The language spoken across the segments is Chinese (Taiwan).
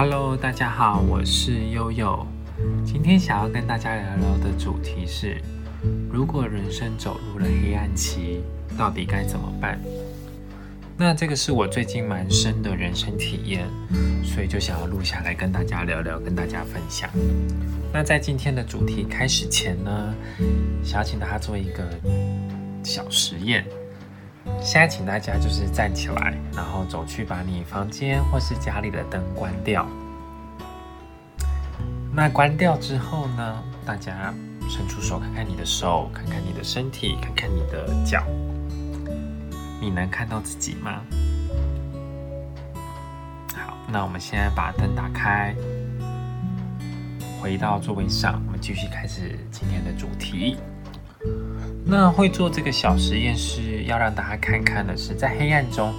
Hello，大家好，我是 YoYo。今天想要跟大家聊聊的主題是，如果人生走入了黑暗期，到底該怎麼辦？那這個是我最近蠻深的人生體驗，所以就想要錄下來跟大家聊聊，跟大家分享。那在今天的主題開始前呢，想要請大家做一個小實驗。現在請大家就是站起來，然後走去把你房間或是家裡的燈關掉。那關掉之後呢，大家伸出手，看看你的手，看看你的身體，看看你的腳。你能看到自己嗎？好，那我們現在把燈打開，回到座位上，我們繼續開始今天的主題。那會做這個小實驗是要讓大家看看的，是在黑暗中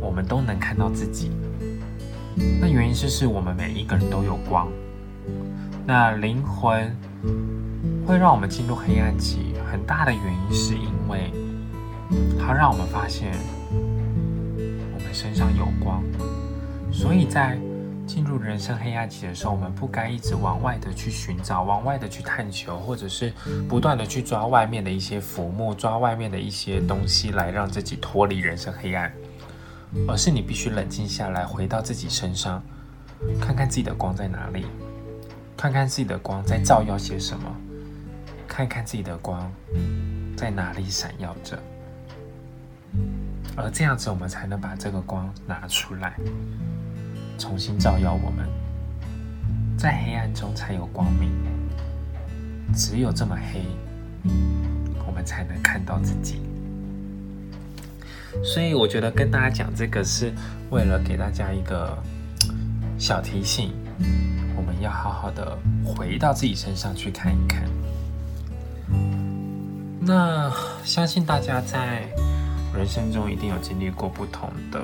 我們都能看到自己。那原因就是，我們每一個人都有光。那靈魂會讓我們進入黑暗期，很大的原因是因為它讓我們發現我們身上有光，所以在。進入人生黑暗期的時候，我們不該一直往外的去尋找、往外的去探求，或者是不斷的去抓外面的一些浮木，抓外面的一些東西來讓自己脫離人生黑暗，而是你必須冷靜下來，回到自己身上，看看自己的光在哪裡，看看自己的光在照耀些什麼，看看自己的光在哪裡閃耀着，而這樣子我們才能把這個光拿出來。重新照耀我們，在黑暗中才有光明。只有這麼黑，我們才能看到自己。所以，我覺得跟大家講這個，是為了給大家一個小提醒，我們要好好的回到自己身上去看一看。那相信大家在人生中一定有經歷過不同的。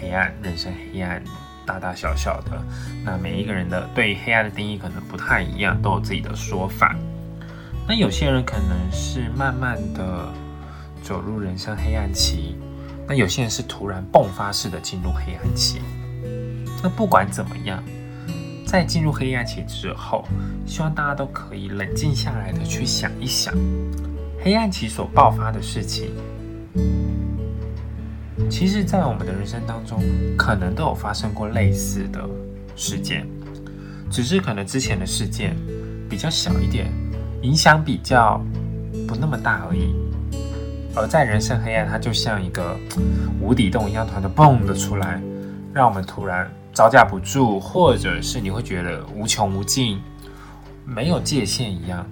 黑暗，人生黑暗，大大小小的，那每一個人的對黑暗的定義可能不太一樣，都有自己的說法。那有些人可能是慢慢的走入人生黑暗期，那有些人是突然迸發式的進入黑暗期。那不管怎麼樣，在進入黑暗期之後，希望大家都可以冷靜下來的去想一想，黑暗期所爆發的事情。其實，在我們的人生當中，可能都有發生過類似的事件，只是可能之前的事件比較小一點，影響比較不那麼大而已。而在人生黑暗，它就像一個無底洞一樣，團的蹦的出來，讓我們突然招架不住，或者是你會覺得無窮無盡，沒有界限一樣，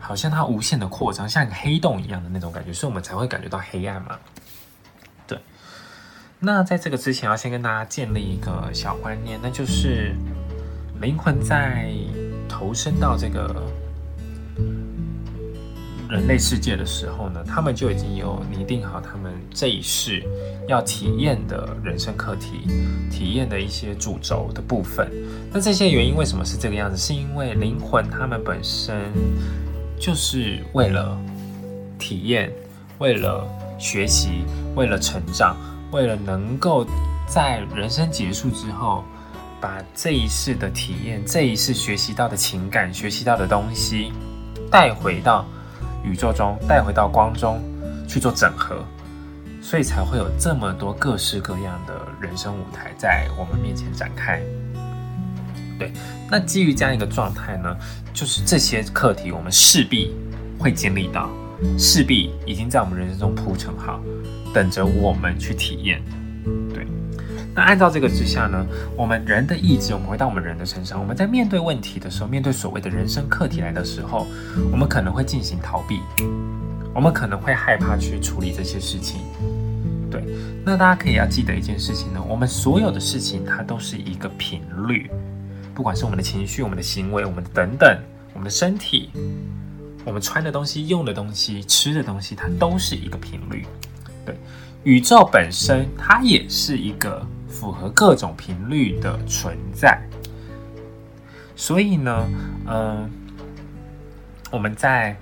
好像它無限的擴張，像一個黑洞一樣的那種感覺，所以我們才會感覺到黑暗嘛。那在這個之前，要先跟大家建立一個小觀念，那就是靈魂在投身到這個人類世界的時候呢，他們就已經有擬定好他們這一世要體驗的人生課題、體驗的一些主軸的部分。那這些原因為什麼是這個樣子？是因為靈魂他們本身就是為了體驗、為了學習、為了成長。為了能夠在人生結束之後，把這一世的體驗、這一世學習到的情感、學習到的東西，帶回到宇宙中，帶回到光中去做整合，所以才會有這麼多各式各樣的人生舞台在我們面前展開。對，那基於這樣一個狀態呢，就是這些課題我們勢必會經歷到。勢必已經在我們人生中鋪陳好，等着我們去體驗。對，那按照這個之下呢，我們人的意志，我們回到我們人的身上。我們在面對問題的時候，面對所謂的人生課題來的時候，我們可能會進行逃避，我們可能會害怕去處理這些事情。對，那大家可以要記得一件事情呢，我們所有的事情它都是一個頻率，不管是我們的情緒、我們的行為、我們的等等、我們的身體。我們穿的東西、用的東西、吃的東西，它都是一個頻率。對，宇宙本身它也是一個符合各種頻率的存在。所以呢，嗯、呃，我們在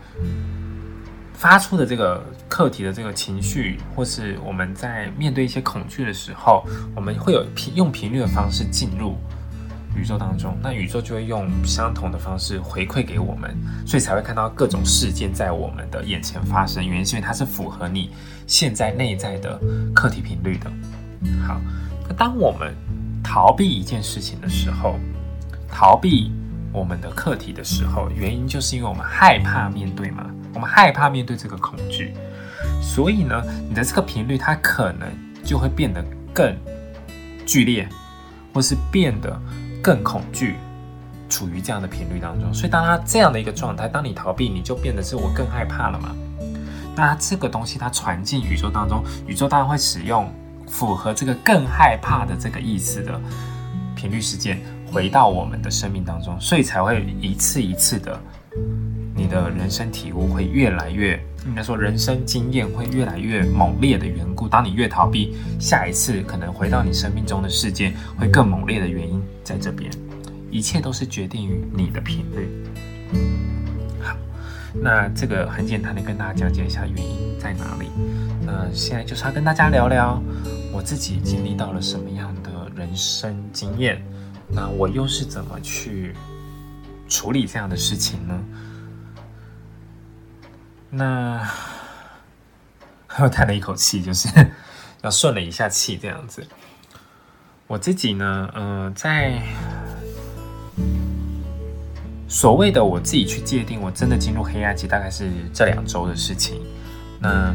發出的這個課題的這個情緒，或是我們在面對一些恐懼的時候，我們會有頻，用頻率的方式進入。宇宙當中，那宇宙就會用相同的方式回饋給我們，所以才會看到各種事件在我們的眼前發生。原因是因為它是符合你現在內在的課題頻率的。好，那當我們逃避一件事情的時候，逃避我們的課題的時候，原因就是因為我們害怕面對嘛，我們害怕面對這個恐懼，所以呢，你的這個頻率它可能就會變得更劇烈，或是變得更恐懼，處於這樣的頻率當中，所以當他這樣的一個狀態，當你逃避，你就變得是我更害怕了嘛，那這個東西它傳進宇宙當中，宇宙當然會使用符合這個更害怕的這個意思的頻率事件回到我們的生命當中，所以才會一次一次的。的人生體悟會越來越，應該說人生經驗會越來越猛烈的緣故。當你越逃避，下一次可能回到你生命中的事件會更猛烈的原因在這邊，一切都是決定於你的頻率。好，那這個很簡單的跟大家講解一下原因在哪裡。那現在就是要跟大家聊聊我自己經歷到了什麼樣的人生經驗，那我又是怎麼去處理這樣的事情呢？那，我嘆了一口氣，就是要順了一下氣，這樣子。我自己呢，嗯、呃，在所謂的我自己去界定，我真的進入黑暗期，大概是這兩周的事情、呃。那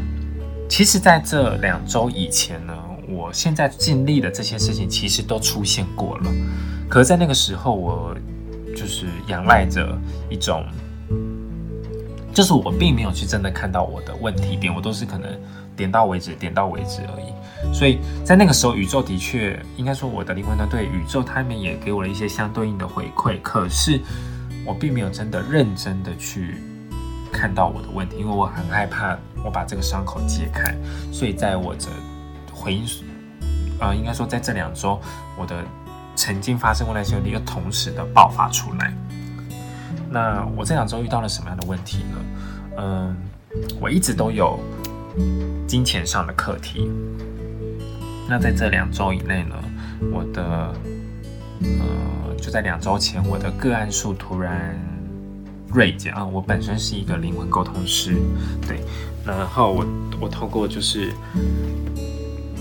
其實，在這兩周以前呢，我現在經歷的這些事情，其實都出現過了。可是，在那個時候，我就是仰賴着一種。就是我並沒有去真的看到我的問題點，我都是可能點到為止，點到為止而已。所以在那個時候，宇宙的確應該說我的靈魂團隊對宇宙他們也給我了一些相對應的回饋。可是我並沒有真的，真的認真的去看到我的問題，因為我很害怕我把這個傷口揭開。所以在我的回應，呃，應該說在這兩周，我的曾經發生過那些問題又同時的爆發出來。那我這兩周遇到了什麼樣的問題呢？嗯，我一直都有金錢上的課題。那在這兩周以內呢，我的呃，就在兩周前，我的個案數突然銳減啊。我本身是一個靈魂溝通師，對，然後我我透過就是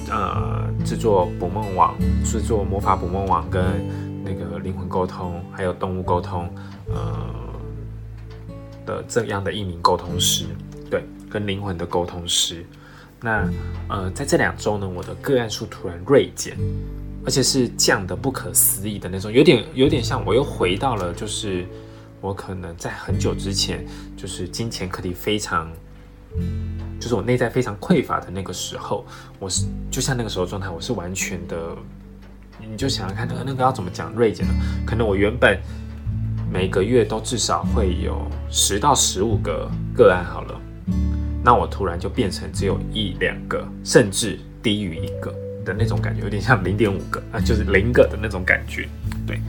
呃製作捕夢網，製作魔法捕夢網跟。那個靈魂溝通，還有動物溝通，呃，的這樣的一名溝通師，對，跟靈魂的溝通師。那呃，在這兩周呢，我的個案數突然銳減，而且是降得不可思議的那種，有點有點像我又回到了，就是我可能在很久之前，就是金錢課題非常，就是我內在非常匱乏的那個時候，我是就像那個時候狀態，我是完全的。你就想想看，那個那個要怎麼講銳減呢？可能我原本每個月都至少會有十到十五個個案，好了，那我突然就變成只有一兩個，甚至低於一個的那種感覺，有點像零點五個啊，就是零個的那種感覺。對。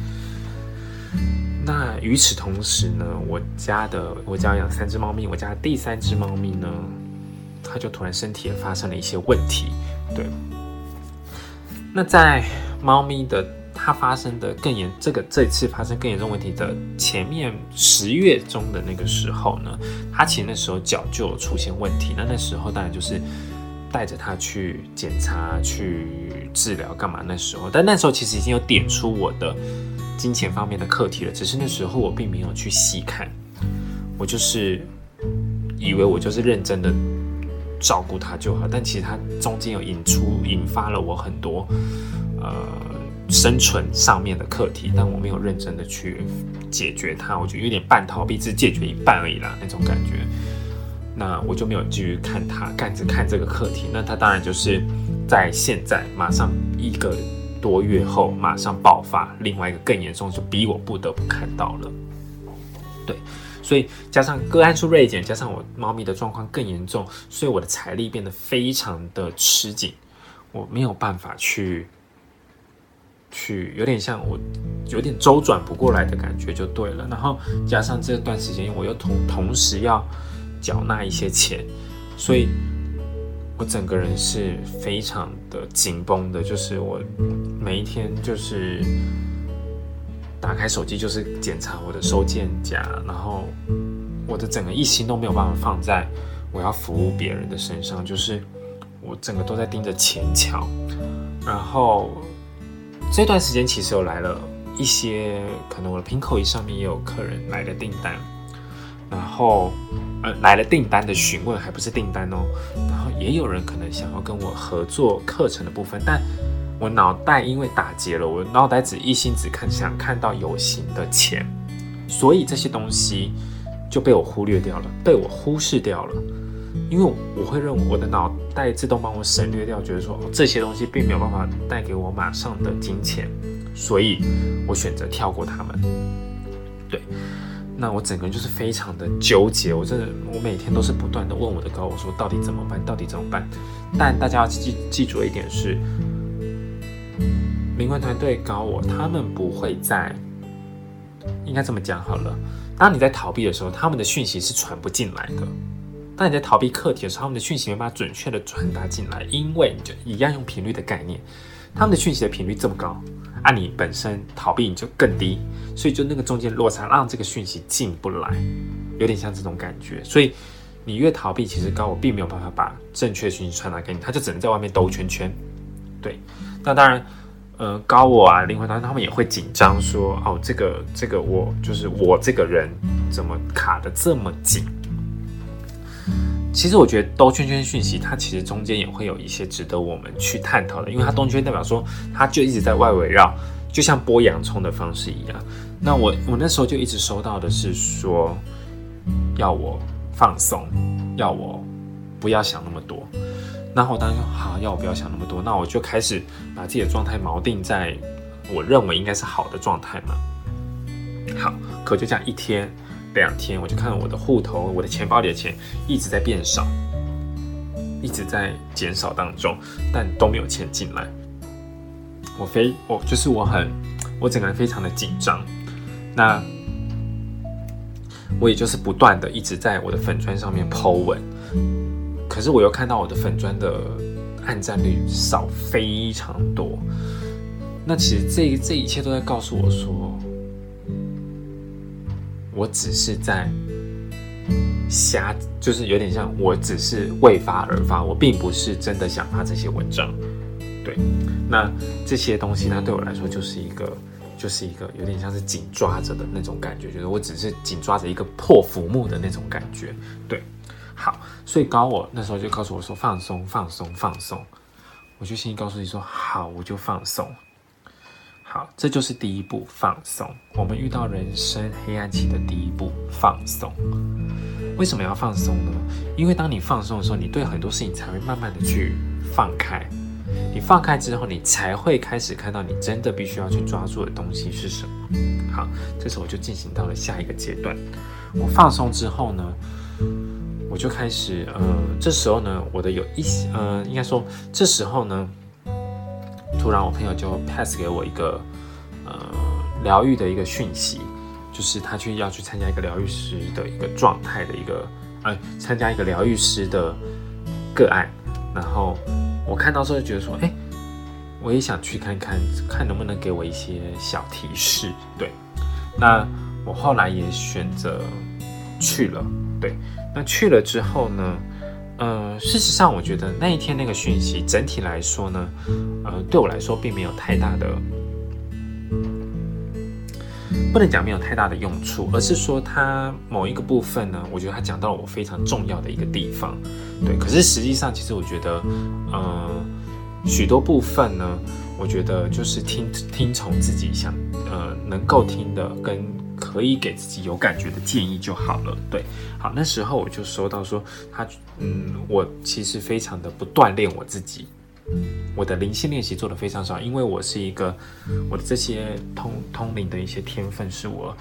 那與此同時呢，我家的我家養三隻貓咪，我家的第三隻貓咪呢，它就突然身體也發生了一些問題。對。那在。貓咪的它發生的更嚴，這個這次發生更嚴重問題的前面十月中的那個時候呢，它其實那時候腳就有出現問題。那那時候當然就是帶着它去檢查、去治療幹嘛。那時候，但那時候其實已經有點出我的金錢方面的課題了，只是那時候我並沒有去細看，我就是以為我就是認真的照顧它就好。但其實它中間有引出、引發了我很多。呃，生存上面的課題，但我沒有認真的去解決它，我覺得有點半逃避，只解決一半而已啦，那種感覺。那我就沒有繼續看它，乾着看這個課題。那它當然就是在現在，馬上一個多月後馬上爆發。另外一個更嚴重，就逼我不得不看到了。對，所以加上個案數銳減，加上我貓咪的狀況更嚴重，所以我的財力變得非常的吃緊，我沒有辦法去。去有點像我，有點週轉不過來的感覺就對了。然後加上這段時間，我又同同時要繳納一些錢，所以我整個人是非常的緊繃的。就是我每一天就是打開手機就是檢查我的收件夾，然後我的整個心都沒有辦法放在我要服務別人的身上，就是我整個都在盯着錢瞧，然後。這段時間其實我來了一些，可能我的平口儀上面也有客人來了訂單，然後呃來了訂單的詢問，還不是訂單哦，然後也有人可能想要跟我合作課程的部分，但我腦袋因為打結了，我腦袋只一心只看想看到有形的錢，所以這些東西就被我忽略掉了，被我忽視掉了。因為我會認為我的腦袋自動幫我省略掉，覺得說、哦、這些東西並沒有辦法帶給我馬上的金錢，所以我選擇跳過他們。對，那我整個人就是非常的糾結，我真的，我每天都是不斷的問我的高我說到底怎麼辦，到底怎麼辦？但大家要記記住一點是，靈魂團隊高我，他們不會在，應該這麼講好了，當你在逃避的時候，他們的訊息是傳不進來的。當你在逃避課題的時候，他們的訊息沒辦法準確的傳達進來，因為你就一樣用頻率的概念，他們的訊息的頻率這麼高，啊，你本身逃避你就更低，所以就那個中間落差讓這個訊息進不來，有點像這種感覺。所以你越逃避，其實高我並沒有辦法把正確的訊息傳達給你，他就只能在外面兜圈圈。對，那當然，嗯，高我啊，靈魂當中他們也會緊張說，哦，這個這個我就是我這個人怎麼卡得這麼緊？其實我覺得兜圈圈訊息，它其實中間也會有一些值得我們去探討的，因為它兜圈圈代表說它就一直在外圍繞，就像剝洋蔥的方式一樣。那我我那時候就一直收到的是說，要我放鬆，要我不要想那麼多。然後我當時就好，要我不要想那麼多，那我就開始把自己的狀態錨定在我認為應該是好的狀態嘛。好，可就這樣一天。兩天，我就看我的戶頭、我的錢包裡的錢一直在變少，一直在減少當中，但都沒有錢進來。我非我就是我很，我整個人非常的緊張。那我也就是不斷的一直在我的粉專上面 po 文，可是我又看到我的粉專的按讚率少非常多。那其實這這一切都在告訴我說，我只是在瞎，就是有點像，我只是為發而發，我並不是真的想發這些文章。對，那這些東西它對我來說就是一個，就是一個有點像是緊抓着的那種感覺，覺得我只是緊抓着一個破浮木的那種感覺。對，好，所以高我那時候就告訴我說，放，放鬆，放鬆，放鬆。我就心裡告訴你說，好，我就放鬆。好，這就是第一步，放鬆。我們遇到人生黑暗期的第一步，放鬆。為什麼要放鬆呢？因為當你放鬆的時候，你對很多事情才會慢慢的去放開。你放開之後，你才會開始看到你真的必須要去抓住的東西是什麼。好，這時候我就進行到了下一個階段。我放鬆之後呢，我就開始呃，這時候呢，我的有一些呃，應該說這時候呢。突然，我朋友就 pass 給我一個，呃，療癒的一個訊息，就是他去要去參加一個療癒師的一個狀態的一個，呃，參加一個療癒師的個案。然後我看到時候就覺得說，哎，我也想去看看，看能不能給我一些小提示。對，那我後來也選擇去了。對，那去了之後呢？呃，事實上，我覺得那一天那個訊息整體來說呢，呃，對我來說並沒有太大的，不能講沒有太大的用處，而是說它某一個部分呢，我覺得它講到了我非常重要的一個地方，對。可是實際上，其實我覺得，嗯、呃，許多部分呢。我覺得就是聽聽從自己想，呃，能夠聽的跟可以給自己有感覺的建議就好了。對，好，那時候我就收到說他，嗯，我其實非常的不鍛煉我自己。嗯我的靈性練習做得非常少，因為我是一個，我的這些通通靈的一些天分是我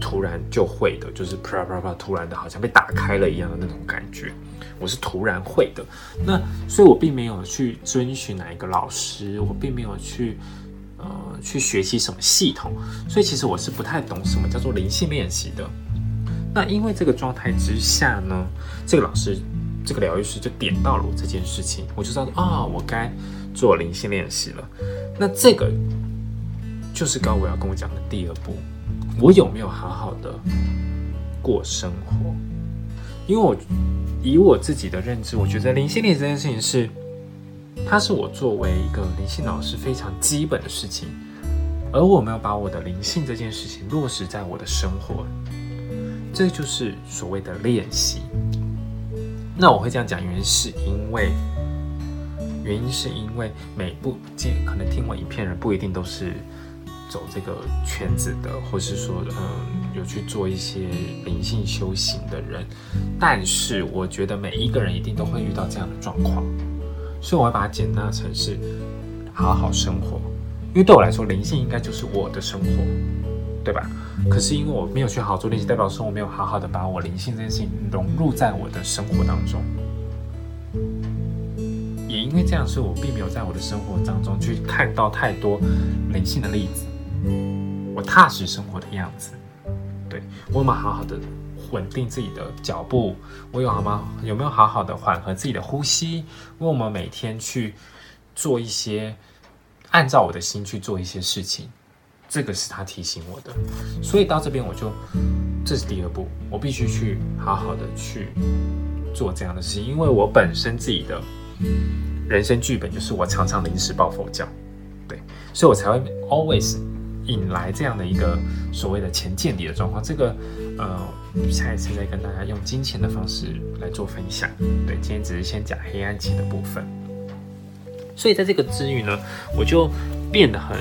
突然就會的，就是啪啪啪突然的，好像被打開了一樣的那種感覺，我是突然會的。那所以，我並沒有去遵循哪一個老師，我並沒有去呃去學習什麼系統，所以其實我是不太懂什麼叫做靈性練習的。那因為這個狀態之下呢，這個老師這個療癒師就點到了我這件事情，我就知道啊、哦，我該做靈性練習了，那這個就是高偉要跟我講的第二步，我有沒有好好的過生活？因為我以我自己的認知，我覺得靈性習這件事情是，它是我作為一個靈性老師非常基本的事情，而我沒有把我的靈性這件事情落實在我的生活，這個、就是所謂的練習。那我會這樣講，原因是因為。原因是因為每部片可能聽我影片人不一定都是走這個圈子的，或是說嗯、呃、有去做一些靈性修行的人。但是我覺得每一個人一定都會遇到這樣的狀況，所以我會把它簡化成是好好生活。因為對我來說，靈性應該就是我的生活，對吧？可是因為我沒有去好好做練習，代表說我沒有好好的把我靈性這件事情融入在我的生活當中。也因為這樣，所以我並沒有在我的生活當中去看到太多靈性的例子。我踏實生活的樣子，對我有沒有好好的穩定自己的腳步，我有好嗎？有沒有好好的緩和自己的呼吸？為我們每天去做一些，按照我的心去做一些事情，這個是他提醒我的。所以到這邊我就這是第二步，我必須去好好的去做這樣的事情，因為我本身自己的。人生劇本就是我常常臨時抱佛腳，對，所以我才會 always 引來這樣的一個所謂的錢見底的狀況。這個呃，下一次再跟大家用金錢的方式來做分享。對，今天只是先講黑暗期的部分。所以在這個之餘呢，我就變得很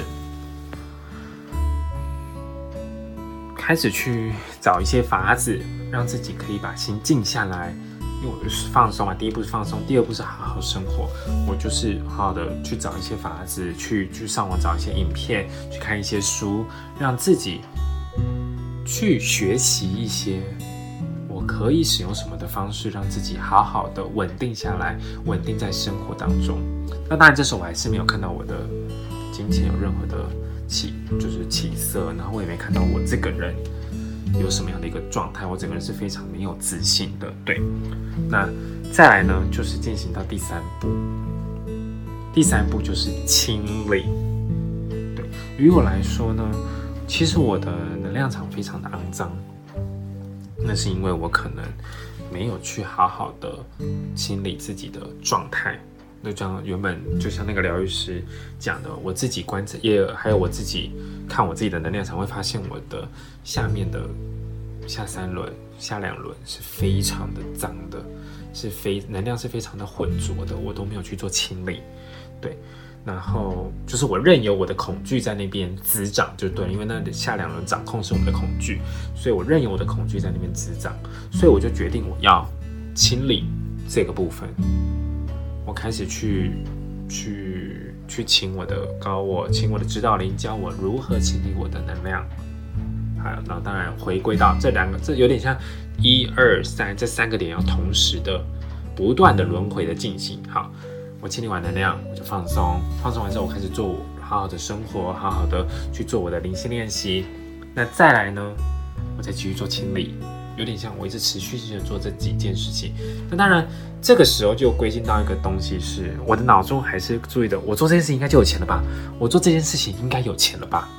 開始去找一些法子，讓自己可以把心靜下來。因為我是放鬆嘛，第一步是放鬆，第二步是好好生活。我就是好好的去找一些法子，去去上網找一些影片，去看一些書，讓自己去學習一些我可以使用什麼的方式，讓自己好好的穩定下來，穩定在生活當中。那當然，這時候我還是沒有看到我的金錢有任何的起，就是起色，然後我也沒看到我這個人有什麼樣的一個狀態？我整個人是非常沒有自信的。對，那再來呢，就是進行到第三步，第三步就是清理。對於我來說呢，其實我的能量場非常的骯髒，那是因為我可能沒有去好好的清理自己的狀態。那張原本就像那個療癒師講的，我自己觀察，也還有我自己看我自己的能量，才會發現我的下面的下三輪、下兩輪是非常的髒的，是非能量是非常的渾濁的，我都沒有去做清理。對，然後就是我任由我的恐懼在那邊滋長，就對，因為那下兩輪掌控是我們的恐懼，所以我任由我的恐懼在那邊滋長，所以我就決定我要清理這個部分。我開始去，去，去請我的高我，請我的指導靈教我如何清理我的能量。好，那當然回歸到這兩個，這有點像一二三這三個點要同時的、不斷的輪迴的進行。好，我清理完能量，我就放鬆，放鬆完之後，我開始做我好好的生活，好好的去做我的靈性練習。那再來呢，我再繼續做清理。有點像我一直持續性的做這幾件事情，那當然這個時候就歸進到一個東西，是我的腦中還是注意的，我做這件事應該就有錢了吧？我做這件事情應該有錢了吧？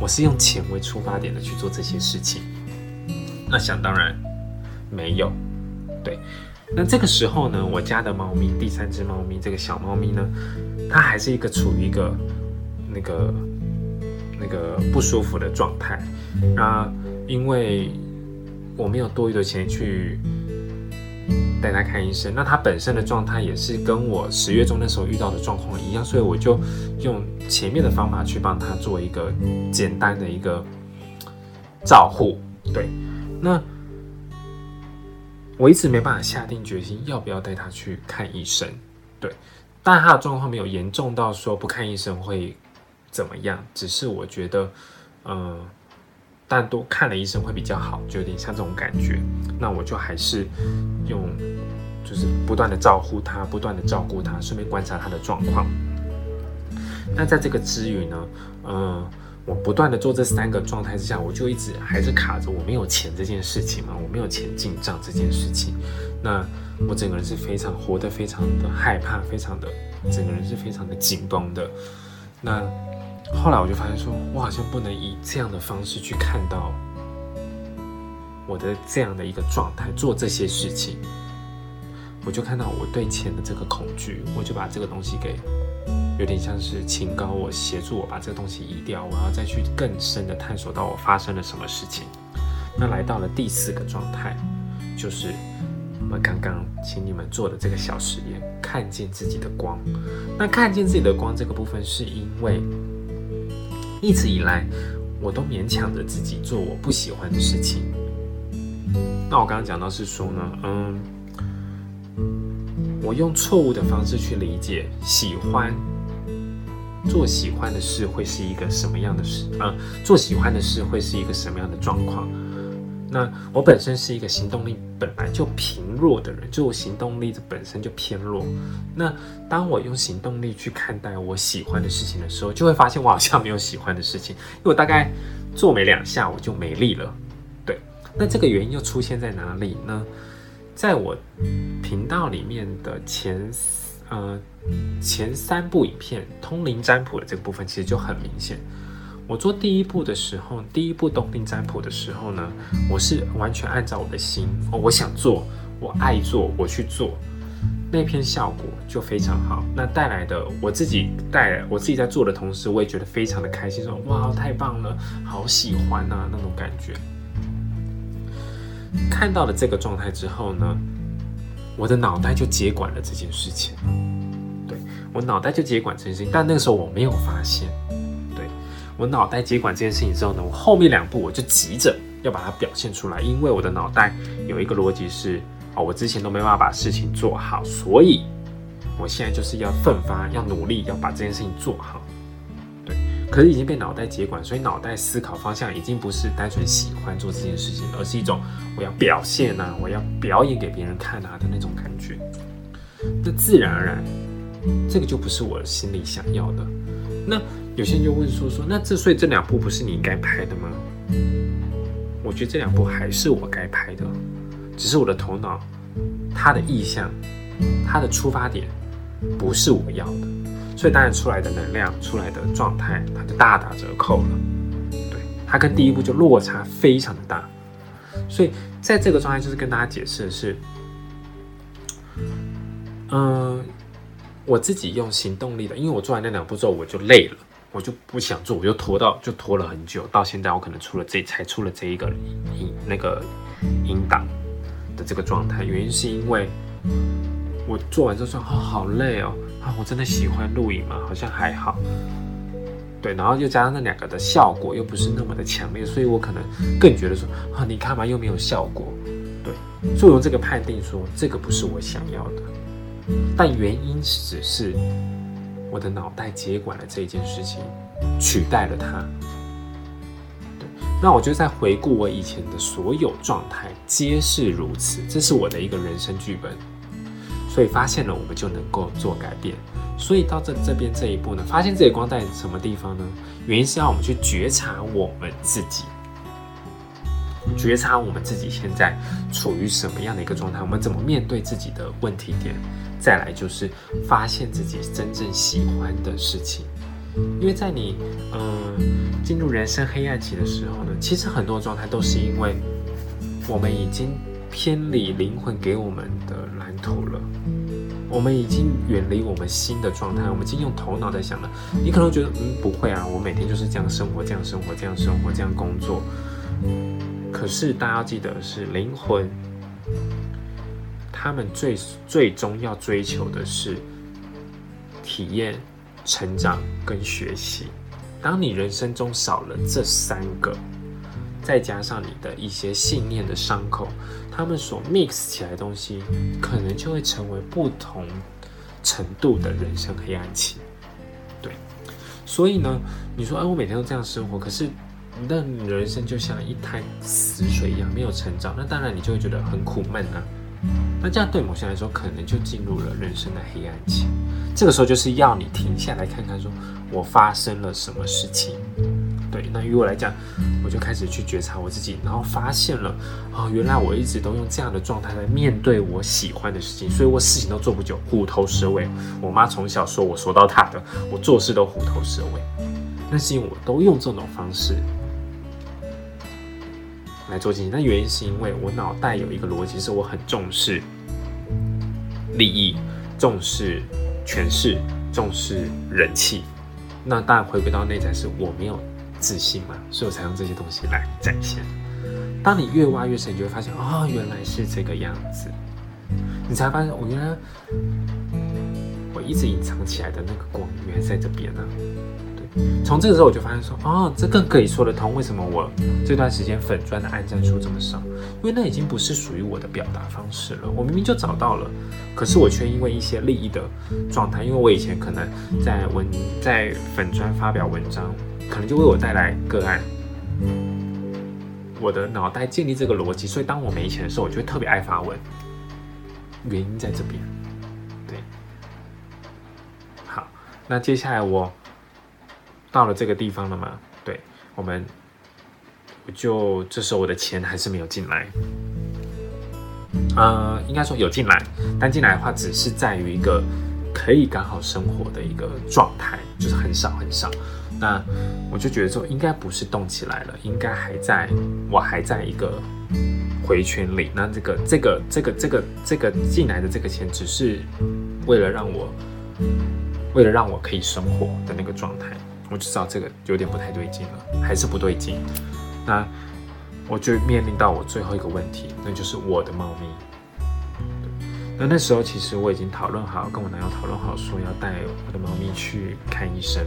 我是用錢為出發點的去做這些事情，那想當然沒有，對。那這個時候呢，我家的貓咪第三隻貓咪這個小貓咪呢，它還是一個處於一個那個那個不舒服的狀態，那因為。我沒有多餘的錢去帶他看醫生，那他本身的狀態也是跟我十月中那時候遇到的狀況一樣，所以我就用前面的方法去幫他做一個簡單的一個照護。對，那我一直沒辦法下定決心要不要帶他去看醫生。對，但他的狀況沒有嚴重到說不看醫生會怎麼樣，只是我覺得，嗯、呃。但多看了醫生會比較好，就有點像這種感覺。那我就還是用，就是不斷的照顧他，不斷的照顧他，順便觀察他的狀況。那在這個之餘呢，嗯、呃，我不斷的做這三個狀態之下，我就一直還是卡着，我沒有錢這件事情嘛，我沒有錢進賬這件事情。那我整個人是非常活得非常的害怕，非常的整個人是非常的緊繃的。那。後來我就發現說，說我好像不能以這樣的方式去看到我的這樣的一個狀態，做這些事情，我就看到我對錢的這個恐懼，我就把這個東西給有點像是請高我協助我把這個東西移掉，我要再去更深的探索到我發生了什麼事情。那來到了第四個狀態，就是我們剛剛請你們做的這個小實驗，看見自己的光。那看見自己的光這個部分是因為。一直以來，我都勉強着自己做我不喜歡的事情。那我剛剛講到是說呢，嗯，我用錯誤的方式去理解喜歡，做喜歡的事會是一個什麼樣的事啊，嗯，做喜歡的事會是一個什麼樣的狀況？那我本身是一個行動力本來就偏弱的人，就我行動力本身就偏弱。那當我用行動力去看待我喜歡的事情的時候，就會發現我好像沒有喜歡的事情，因為我大概做沒兩下我就沒力了。對，那這個原因又出現在哪裡呢？在我頻道裡面的前呃前三部影片《通靈占卜》的這個部分，其實就很明顯。我做第一步的時候，第一步動定占卜的時候呢，我是完全按照我的心，哦，我想做，我愛做，我去做，那篇效果就非常好。那帶來的我自己帶，我自己在做的同時，我也覺得非常的開心，說哇，太棒了，好喜歡啊，那種感覺。看到了這個狀態之後呢，我的腦袋就接管了這件事情，對，我腦袋就接管這件事情，但那個時候我沒有發現。我腦袋接管這件事情之後呢，我後面兩步我就急着要把它表現出來，因為我的腦袋有一個邏輯是：哦，我之前都沒辦法把事情做好，所以我現在就是要奮發、要努力、要把這件事情做好。對，可是已經被腦袋接管，所以腦袋思考方向已經不是單純喜歡做這件事情，而是一種我要表現啊，我要表演給別人看啊的那種感覺。那自然而然。這個就不是我心裡想要的。那有些人就問說說，那這所以這兩部不是你應該拍的嗎？我覺得這兩部還是我該拍的，只是我的頭腦、它的意向、它的出發點不是我要的，所以當然出來的能量、出來的狀態，它就大打折扣了。對，它跟第一部就落差非常的大。所以在這個狀態，就是跟大家解釋的是，嗯。我自己用行動力的，因為我做完那兩步之後，我就累了，我就不想做，我就拖到就拖了很久，到現在我可能出了這才出了這一個音那個音檔的這個狀態，原因是因為我做完之後說啊、哦、好累哦啊、哦、我真的喜歡錄影嘛，好像還好，對，然後又加上那兩個的效果又不是那麼的強烈，所以我可能更覺得說啊、哦、你看嘛又沒有效果，對，就用這個判定說這個不是我想要的。但原因只是我的腦袋接管了這一件事情，取代了它。對，那我就在回顧我以前的所有狀態，皆是如此。這是我的一個人生劇本，所以發現了，我們就能夠做改變。所以到這這邊這一步呢，發現自己光在什麼地方呢？原因是要我們去覺察我們自己，覺察我們自己現在處於什麼樣的一個狀態，我們怎麼面對自己的問題點。再來就是發現自己真正喜歡的事情，因為在你嗯、呃、進入人生黑暗期的時候呢，其實很多狀態都是因為我們已經偏離靈魂給我們的藍圖了，我們已經遠離我們新的狀態，我們已經用頭腦在想了。你可能會覺得嗯，不會啊，我每天就是這樣生活，這樣生活，這樣生活，這樣工作。可是大家要記得，是靈魂。他們最最終要追求的是體驗、成長跟學習。當你人生中少了這三個，再加上你的一些信念的傷口，他們所 mix 起來的東西，可能就會成為不同程度的人生黑暗期。對，所以呢，你說啊、哎，我每天都這樣生活，可是那你的人生就像一灘死水一樣，沒有成長，那當然你就會覺得很苦悶啊。那這樣對某些人來說，可能就進入了人生的黑暗期。這個時候就是要你停下來看看，說我發生了什麼事情。對，那於我來講，我就開始去覺察我自己，然後發現了，哦，原來我一直都用這樣的狀態來面對我喜歡的事情，所以我事情都做不久，虎頭蛇尾。我媽從小說我說到大的，我做事都虎頭蛇尾，那是因為我都用這種方式。來做進行，那原因是因為我腦袋有一個邏輯，是我很重視利益、重視權勢、重視人氣。那當然回歸到內在，是我沒有自信嘛，所以我才用這些東西來展現。當你越挖越深，你就會發現啊、哦，原來是這個樣子，你才發現我原來我一直隱藏起來的那個光，原來在這邊呢、啊。從這個時候我就發現說，哦，這更可以說得通，為什麼我這段時間粉專的按讚數這麼少？因為那已經不是屬於我的表達方式了。我明明就找到了，可是我卻因為一些利益的狀態，因為我以前可能在文在粉專發表文章，可能就為我帶來個案，我的腦袋建立這個邏輯。所以當我沒錢的時候，我就會特別愛發文，原因在這邊。對，好，那接下來我。到了這個地方了嗎？對，我們就，就這時候我的錢還是沒有進來，啊、呃，應該說有進來，但進來的話只是在於一個可以剛好生活的一個狀態，就是很少很少。那我就覺得說應該不是動起來了，應該還在，我還在一個回圈裡。那這個這個這個這個這個進來的這個錢，只是為了讓我為了讓我可以生活的那個狀態。我就知道這個有點不太對勁了，還是不對勁。那我就面臨到我最後一個問題，那就是我的貓咪。對。那那時候其實我已經討論好，跟我男友討論好，說要帶我的貓咪去看醫生。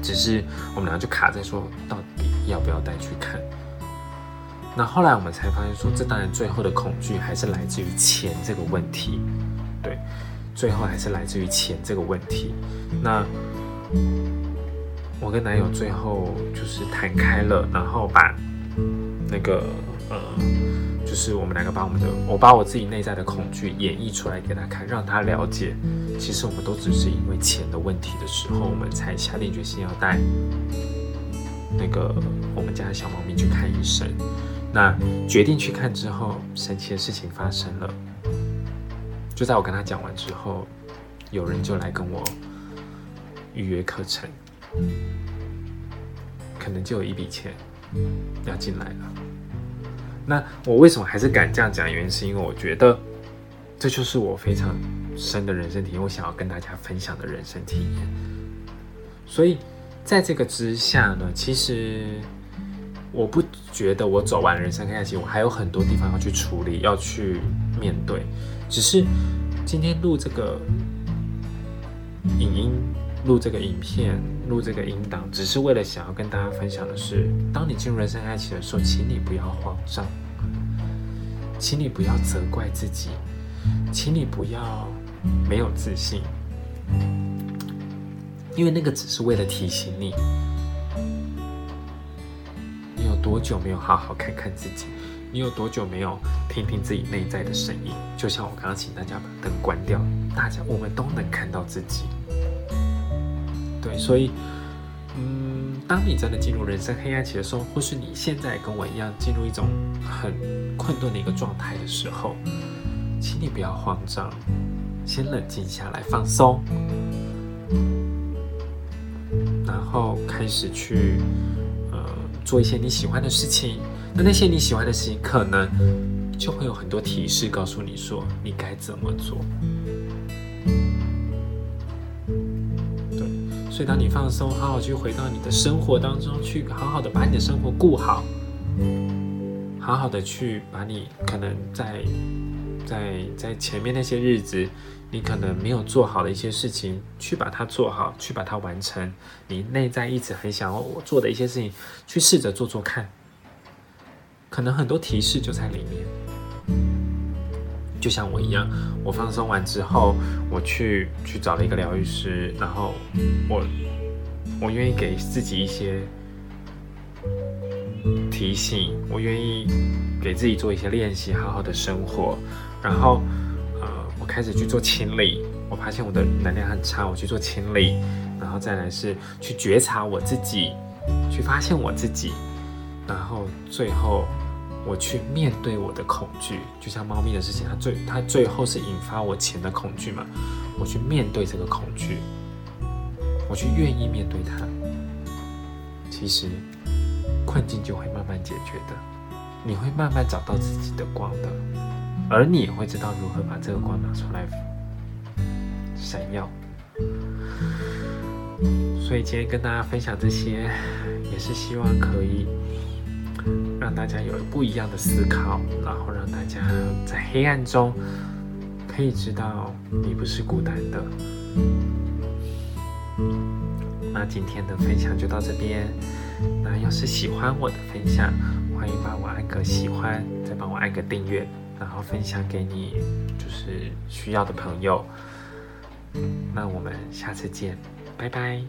只是我們兩個就卡在說到底要不要帶去看。那後來我們才發現說，這當然最後的恐懼還是來自於錢這個問題。對，最後還是來自於錢這個問題。那。我跟男友最後就是談開了，然後把那個呃，就是我們兩個把我們的，我把我自己內在的恐懼演繹出來給他看，讓他了解，其實我們都只是因為錢的問題的時候，我們才下定決心要帶那個我們家的小貓咪去看醫生。那決定去看之後，神奇的事情發生了，就在我跟他講完之後，有人就來跟我預約課程。可能就有一筆錢要進來了。那我為什麼還是敢這樣講？原因是因為我覺得這就是我非常深的人生體驗，我想要跟大家分享的人生體驗。所以，在這個之下呢，其實我不覺得我走完人生黑暗期，我還有很多地方要去處理，要去面對。只是今天錄這個影音。錄這個影片，錄這個音檔，只是為了想要跟大家分享的是：當你進入人生黑暗期的時候，請你不要慌張，請你不要責怪自己，請你不要沒有自信，因為那個只是為了提醒你，你有多久沒有好好看看自己？你有多久沒有聽聽自己內在的聲音？就像我剛剛請大家把燈關掉，大家我們都能看到自己。對，所以，嗯，當你真的進入人生黑暗期的時候，或是你現在跟我一樣進入一種很困頓的一個狀態的時候，請你不要慌張，先冷靜下來，放鬆，然後開始去，呃，做一些你喜歡的事情。那那些你喜歡的事情，可能就會有很多提示，告訴你說你該怎麼做。所以，當你放鬆，好好去回到你的生活當中去，好好的把你的生活顧好，好好的去把你可能在在在前面那些日子，你可能沒有做好的一些事情，去把它做好，去把它完成，你內在一直很想要我做的一些事情，去試着做做看，可能很多提示就在裡面。就像我一樣，我放鬆完之後，我去去找了一個療癒師，然後我我願意給自己一些提醒，我願意給自己做一些練習，好好的生活。然後，呃，我開始去做清理，我發現我的能量很差，我去做清理。然後再來是去覺察我自己，去發現我自己，然後最後。我去面對我的恐懼，就像貓咪的事情，它最它最後是引發我錢的恐懼嘛，我去面對這個恐懼，我去願意面對它，其實困境就會慢慢解決的，你會慢慢找到自己的光的，而你也會知道如何把這個光拿出來閃耀。所以今天跟大家分享這些，也是希望可以。讓大家有不一樣的思考，然後讓大家在黑暗中可以知道你不是孤單的。那今天的分享就到這邊。那要是喜歡我的分享，歡迎幫我按個喜歡，再幫我按個訂閱，然後分享給你就是需要的朋友。那我們下次見，拜拜。